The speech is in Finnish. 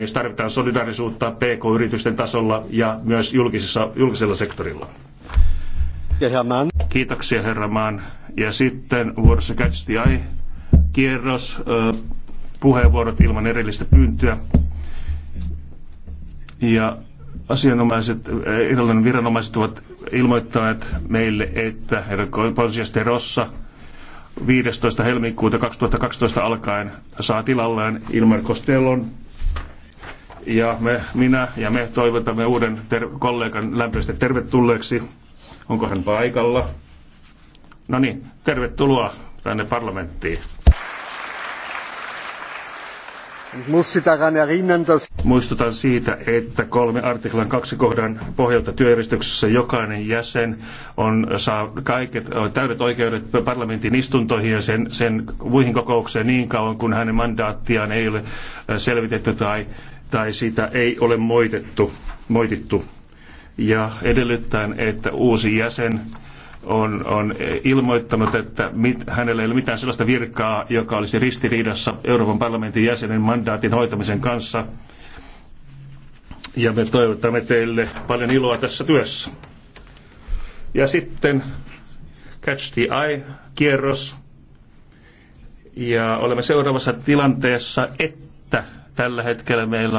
Jos tarvitaan solidaarisuutta PK-yritysten tasolla ja myös julkisessa, julkisella sektorilla. Kiitoksia herra Maan. Ja sitten vuorossa Catch the Eye. Kierros, puheenvuorot ilman erillistä pyyntöä. Ja asianomaiset, Irlannin viranomaiset ovat ilmoittaneet meille, että herra Ponsias de Rossa 15. helmikuuta 2012 alkaen saa tilalleen Ilmar Costellon ja me, minä ja me toivotamme uuden ter- kollegan lämpöisesti tervetulleeksi. Onko hän paikalla? No niin, tervetuloa tänne parlamenttiin. Muistutan siitä, että kolme artiklan kaksi kohdan pohjalta työjärjestyksessä jokainen jäsen on, saa kaiket, täydet oikeudet parlamentin istuntoihin ja sen, sen muihin kokoukseen niin kauan, kun hänen mandaattiaan ei ole äh, selvitetty tai tai sitä ei ole moitettu, moitittu. Ja edellyttäen, että uusi jäsen on, on ilmoittanut, että mit, hänellä ei ole mitään sellaista virkaa, joka olisi ristiriidassa Euroopan parlamentin jäsenen mandaatin hoitamisen kanssa. Ja me toivotamme teille paljon iloa tässä työssä. Ja sitten Catch the Eye-kierros. Ja olemme seuraavassa tilanteessa, että tällä hetkellä meillä